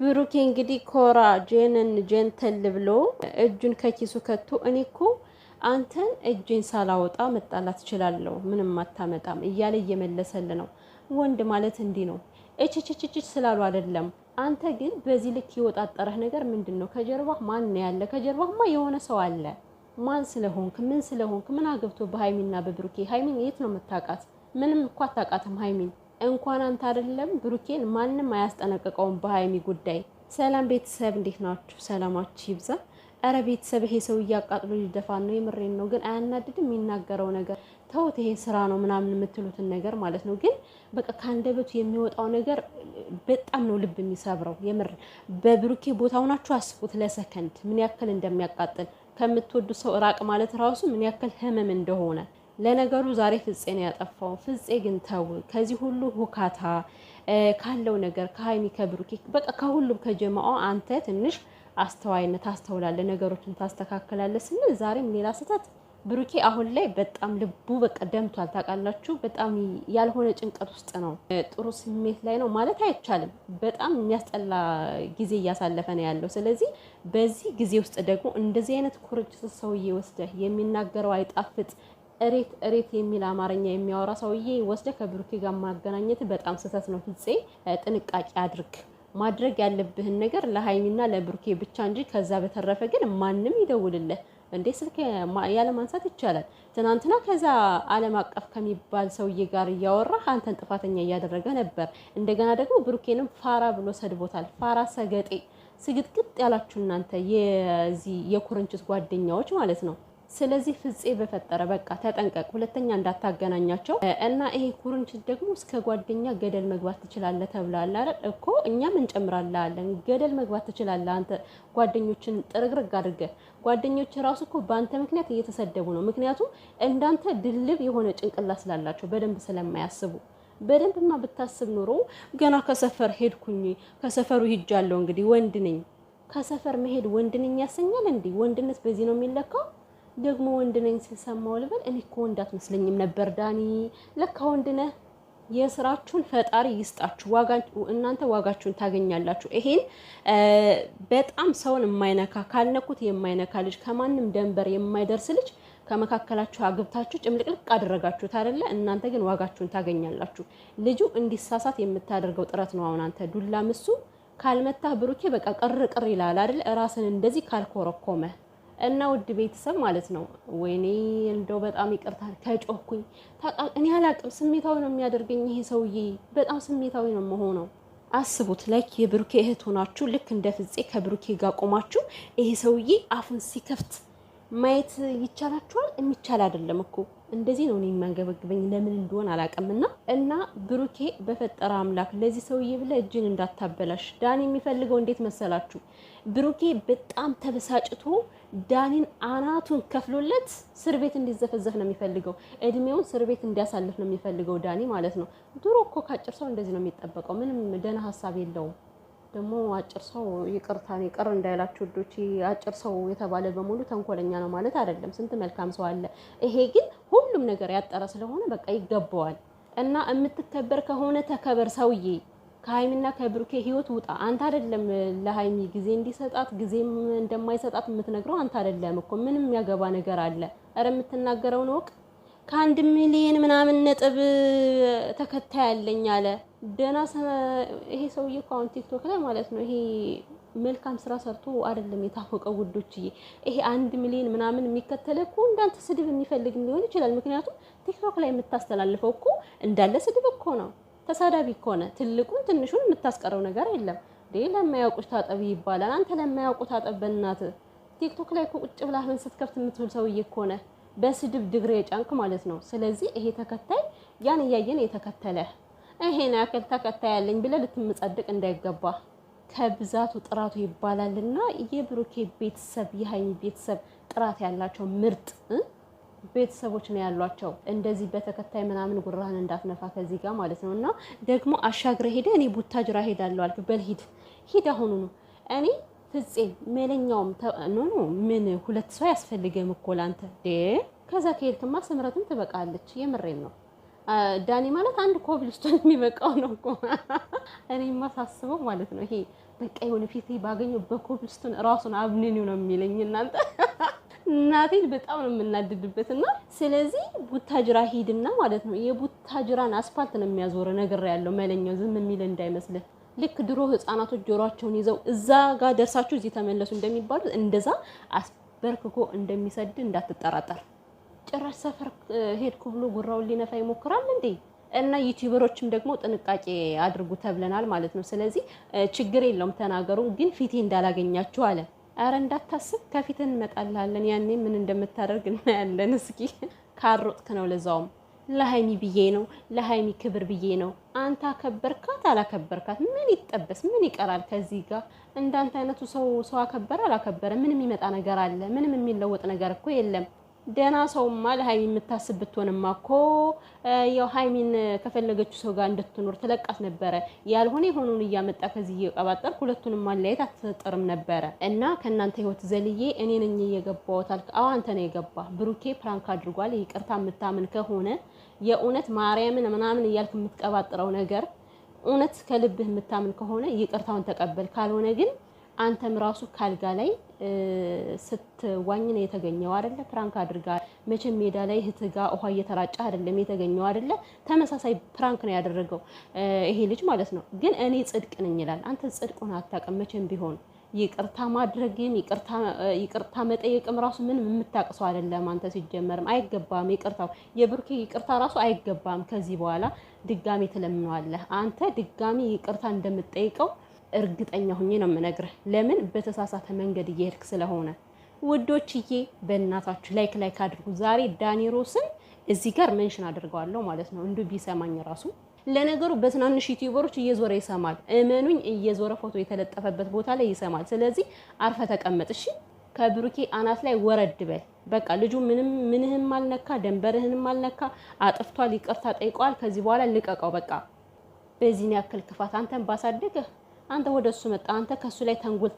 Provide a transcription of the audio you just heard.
ብሩኬ እንግዲህ ኮራ ጄንን ጀንተል ብሎ እጁን ከኪሱ ከቶ እኔ እኮ አንተን እጄን ሳላወጣ መጣላት እችላለሁ፣ ምንም አታመጣም እያለ እየመለሰል ነው። ወንድ ማለት እንዲህ ነው። እችችችች ስላሉ አይደለም። አንተ ግን በዚህ ልክ የወጣጠረህ ነገር ምንድን ነው? ከጀርባህ ማን ነው ያለ? ከጀርባህማ የሆነ ሰው አለ። ማን ስለሆንክ ምን ስለሆንክ ምን አገብቶ በሀይሚና በብሩኬ ሃይሚን የት ነው የምታውቃት? ምንም እኮ አታውቃትም ሃይሚን። እንኳን አንተ አይደለም ብሩኬን ማንም አያስጠነቅቀውም በሀይሚ ጉዳይ። ሰላም ቤተሰብ እንዴት ናችሁ? ሰላማችሁ ይብዛ። እረ ቤተሰብ ይሄ ሰው እያቃጥሎ ሊደፋ ነው። የምሬን ነው። ግን አያናድድም? የሚናገረው ነገር ተውት፣ ይሄ ስራ ነው ምናምን የምትሉትን ነገር ማለት ነው። ግን በቃ ከአንደበቱ የሚወጣው ነገር በጣም ነው ልብ የሚሰብረው። የምር በብሩኬ ቦታው ናችሁ አስቡት ለሰከንድ ምን ያክል እንደሚያቃጥል ከምትወዱ ሰው ራቅ ማለት ራሱ ምን ያክል ህመም እንደሆነ ለነገሩ ዛሬ ፍፄ ነው ያጠፋው። ፍፄ ግን ተው፣ ከዚህ ሁሉ ሁካታ ካለው ነገር ከሀይሚ ከብሩኬ በቃ ከሁሉም ከጀማው አንተ ትንሽ አስተዋይነት ታስተውላለህ፣ ነገሮችን ታስተካክላለ ስንል ዛሬም ሌላ ስህተት። ብሩኬ አሁን ላይ በጣም ልቡ በቃ ደምቷል። ታውቃላችሁ፣ በጣም ያልሆነ ጭንቀት ውስጥ ነው። ጥሩ ስሜት ላይ ነው ማለት አይቻልም። በጣም የሚያስጠላ ጊዜ እያሳለፈ ነው ያለው። ስለዚህ በዚህ ጊዜ ውስጥ ደግሞ እንደዚህ አይነት ኩርጭት ሰውዬ ወስደህ የሚናገረው አይጣፍጥ እሬት እሬት የሚል አማርኛ የሚያወራ ሰውዬ ወስደ ከብሩኬ ጋር ማገናኘት በጣም ስህተት ነው። ፍፄ ጥንቃቄ አድርግ። ማድረግ ያለብህን ነገር ለሀይሚና ለብሩኬ ብቻ እንጂ ከዛ በተረፈ ግን ማንም ይደውልልህ እንዴት ስልክ ያለ ማንሳት ይቻላል። ትናንትና ከዛ ዓለም አቀፍ ከሚባል ሰውዬ ጋር እያወራህ አንተን ጥፋተኛ እያደረገ ነበር። እንደገና ደግሞ ብሩኬንም ፋራ ብሎ ሰድቦታል። ፋራ ሰገጤ ስግጥግጥ ያላችሁ እናንተ የዚህ የኩርንችት ጓደኛዎች ማለት ነው። ስለዚህ ፍፄ በፈጠረ በቃ ተጠንቀቅ፣ ሁለተኛ እንዳታገናኛቸው እና ይሄ ኩርንችት ደግሞ እስከ ጓደኛ ገደል መግባት ትችላለህ ተብላለ አይደል እኮ እኛም እንጨምራለን። ገደል መግባት ትችላለህ አንተ ጓደኞችን ጥርግርግ አድርገህ ጓደኞች ራሱ እኮ በአንተ ምክንያት እየተሰደቡ ነው። ምክንያቱም እንዳንተ ድልብ የሆነ ጭንቅላ ስላላቸው በደንብ ስለማያስቡ በደንብማ ብታስብ ኑሮ ገና ከሰፈር ሄድኩኝ ከሰፈሩ ሂጃለሁ እንግዲህ ወንድ ነኝ ከሰፈር መሄድ ወንድ ነኝ ያሰኛል እንዲህ ወንድነት በዚህ ነው የሚለካው። ደግሞ ወንድ ነኝ ስሰማው ልበል። እኔ እኮ ወንድ አትመስለኝም ነበር ዳኒ፣ ለካ ወንድ ነህ። የስራችሁን ፈጣሪ ይስጣችሁ። እናንተ ዋጋችሁን ታገኛላችሁ። ይሄን በጣም ሰውን የማይነካ ካልነኩት የማይነካ ልጅ ከማንም ደንበር የማይደርስ ልጅ ከመካከላችሁ አግብታችሁ ጭምልቅልቅ አደረጋችሁት አይደለ? እናንተ ግን ዋጋችሁን ታገኛላችሁ። ልጁ እንዲሳሳት የምታደርገው ጥረት ነው። አሁን አንተ ዱላ ምሱ ካልመታህ ብሩኬ በቃ ቅር ቅር ይላል አይደለ? ራስን እንደዚህ ካልኮረኮመ እና ውድ ቤተሰብ ማለት ነው። ወይኔ እንደው በጣም ይቅርታ ከጮኩኝ። እኔ አላቅም፣ ስሜታዊ ነው የሚያደርገኝ ይሄ ሰውዬ። በጣም ስሜታዊ ነው መሆነው። አስቡት ላይክ የብሩኬ እህት ሆናችሁ ልክ እንደ ፍፄ ከብሩኬ ጋር ቆማችሁ ይሄ ሰውዬ አፉን ሲከፍት ማየት ይቻላችኋል። የሚቻል አይደለም እኮ እንደዚህ ነው እኔ የሚያንገበግበኝ ለምን እንደሆን አላውቅምና እና ብሩኬ በፈጠረ አምላክ ለዚህ ሰውዬ ብለህ እጅን እንዳታበላሽ። ዳኒ የሚፈልገው እንዴት መሰላችሁ? ብሩኬ በጣም ተበሳጭቶ ዳኒን አናቱን ከፍሎለት እስር ቤት እንዲዘፈዘፍ ነው የሚፈልገው። እድሜውን እስር ቤት እንዲያሳልፍ ነው የሚፈልገው ዳኒ ማለት ነው። ድሮ እኮ ከአጭር ሰው እንደዚህ ነው የሚጠበቀው። ምንም ደህና ሀሳብ የለውም። ደግሞ አጭር ሰው ይቅርታ ይቅር እንዳይላችሁ ወዶች አጭር ሰው የተባለ በሙሉ ተንኮለኛ ነው ማለት አይደለም። ስንት መልካም ሰው አለ። ይሄ ግን ሁሉም ነገር ያጠረ ስለሆነ በቃ ይገባዋል። እና የምትከበር ከሆነ ተከበር ሰውዬ። ከሀይሚና ከብሩኬ ህይወት ውጣ። አንተ አይደለም ለሀይሚ ጊዜ እንዲሰጣት ጊዜም እንደማይሰጣት የምትነግረው አንተ አይደለም እኮ። ምንም ያገባ ነገር አለ። እረ የምትናገረውን ወቅ ከአንድ ሚሊየን ምናምን ነጥብ ተከታይ ያለኝ አለ። ደህና ይሄ ሰውዬ እኮ አሁን ቲክቶክ ላይ ማለት ነው ይሄ መልካም ስራ ሰርቶ አይደለም የታወቀው ውዶችዬ። ይሄ አንድ ሚሊዮን ምናምን የሚከተል እኮ እንዳንተ ስድብ የሚፈልግ ሊሆን ይችላል። ምክንያቱም ቲክቶክ ላይ የምታስተላልፈው እኮ እንዳለ ስድብ እኮ ነው። ተሳዳቢ ከሆነ ትልቁን ትንሹን የምታስቀረው ነገር የለም። ለማያውቁች ታጠብ ይባላል። አንተ ለማያውቁ ታጠብ በእናትህ ቲክቶክ ላይ እኮ ቁጭ ብላህን ስትከፍት የምትውል ሰውዬ እኮ ነህ። በስድብ ድግሬ ጨንቅ ማለት ነው። ስለዚህ ይሄ ተከታይ ያን እያየን የተከተለ ይሄን ያክል ተከታይ ያለኝ ብለህ ልትመጻደቅ እንዳይገባ ከብዛቱ ጥራቱ ይባላልና የብሩኬ ቤተሰብ የሀይሚ ቤተሰብ ጥራት ያላቸው ምርጥ ቤተሰቦች ነው ያሏቸው። እንደዚህ በተከታይ ምናምን ጉራህን እንዳትነፋ ከዚህ ጋር ማለት ነው። እና ደግሞ አሻግረ ሄደ እኔ ቡታጅራ ሄዳለሁ አልክ። በል ሂድ ሂድ፣ አሁኑ ነው እኔ ፍፄ መለኛውም ኖ ምን ሁለት ሰው ያስፈልገም እኮ ላንተ ከዛ ከሄድክማ ስምረትም ትበቃለች። የምሬን ነው። ዳኒ ማለት አንድ ኮብልስቶን የሚበቃው ነው እኮ እኔማ ሳስበው ማለት ነው። ይሄ በቃ የሆነ ፊት ባገኘው በኮብልስቶን ራሱን አብንኒው ነው የሚለኝ እናንተ እናቴን በጣም ነው የምናድድበት። እና ስለዚህ ቡታጅራ ሂድና ማለት ነው የቡታጅራን አስፋልት ነው የሚያዞረ ነገር ያለው መለኛው ዝም የሚል እንዳይመስልህ። ልክ ድሮ ህጻናቶች ጆሯቸውን ይዘው እዛ ጋር ደርሳችሁ እዚህ ተመለሱ እንደሚባሉት እንደዛ አስበርክኮ እንደሚሰድ እንዳትጠራጠር። ጭራሽ ሰፈር ሄድኩ ብሎ ጉራውን ሊነፋ ይሞክራል እንዴ? እና ዩቲዩበሮችም ደግሞ ጥንቃቄ አድርጉ ተብለናል ማለት ነው። ስለዚህ ችግር የለውም ተናገሩ፣ ግን ፊቴ እንዳላገኛችሁ አለ። አረ እንዳታስብ ከፊት እንመጣላለን። ያኔ ምን እንደምታደርግ እናያለን። እስኪ ካሮጥክ ነው ለዛውም ለሀይሚ ብዬ ነው፣ ለሀይሚ ክብር ብዬ ነው። አንተ አከበርካት አላከበርካት ምን ይጠበስ ምን ይቀራል? ከዚህ ጋር እንዳንተ አይነቱ ሰው ሰው አከበረ አላከበረ ምንም የሚመጣ ነገር አለ? ምንም የሚለወጥ ነገር እኮ የለም። ደህና ሰውማ ለሀይሚ የምታስብ ብትሆንማ እኮ ያው ሀይሚን ከፈለገችው ሰው ጋር እንድትኖር ትለቃት ነበረ። ያልሆነ የሆኑን እያመጣ ከዚህ እየቀባጠር ሁለቱንም ማለያየት አትጥርም ነበረ። እና ከእናንተ ህይወት ዘልዬ እኔ ነኝ የገባሁት አልክ። አዎ አንተ ነው የገባህ። ብሩኬ ፕራንክ አድርጓል። ይቅርታ የምታምን ከሆነ የእውነት ማርያምን ምናምን እያልክ የምትቀባጥረው ነገር እውነት ከልብህ የምታምን ከሆነ ይቅርታውን ተቀበል። ካልሆነ ግን አንተም ራሱ ካልጋ ላይ ስትዋኝ ነው የተገኘው አይደለ? ፕራንክ አድርጋ መቼም ሜዳ ላይ እህትህ ጋ ውሃ እየተራጨ አይደለም የተገኘው አይደለ? ተመሳሳይ ፕራንክ ነው ያደረገው ይሄ ልጅ ማለት ነው። ግን እኔ ጽድቅ ነኝ ይላል። አንተ ሆነ አታውቅም መቼም ቢሆን ይቅርታ ማድረግም ይቅርታ መጠየቅም ራሱ ምን የምታቅሰው አይደለም። አንተ ሲጀመርም አይገባም። ይቅርታው የብሩኬ ይቅርታ ራሱ አይገባም። ከዚህ በኋላ ድጋሚ ትለምነዋለህ። አንተ ድጋሚ ይቅርታ እንደምትጠይቀው እርግጠኛ ሁኜ ነው የምነግርህ። ለምን በተሳሳተ መንገድ እየሄድክ ስለሆነ። ውዶችዬ በእናታችሁ ላይክ ላይክ አድርጉ። ዛሬ ዳኒሮስን እዚህ ጋር መንሽን አድርገዋለሁ ማለት ነው እንዱ ቢሰማኝ ራሱ ለነገሩ በትናንሽ ዩቲዩበሮች እየዞረ ይሰማል። እመኑኝ እየዞረ ፎቶ የተለጠፈበት ቦታ ላይ ይሰማል። ስለዚህ አርፈ ተቀመጥ እሺ። ከብሩኬ አናት ላይ ወረድ በል በቃ። ልጁ ምንም ምንህም አልነካ፣ ደንበርህንም አልነካ። አጥፍቷል፣ ይቅርታ ጠይቀዋል። ከዚህ በኋላ ልቀቀው በቃ። በዚህን ያክል ክፋት አንተን ባሳደገህ አንተ ወደ እሱ መጣ። አንተ ከእሱ ላይ ተንጉል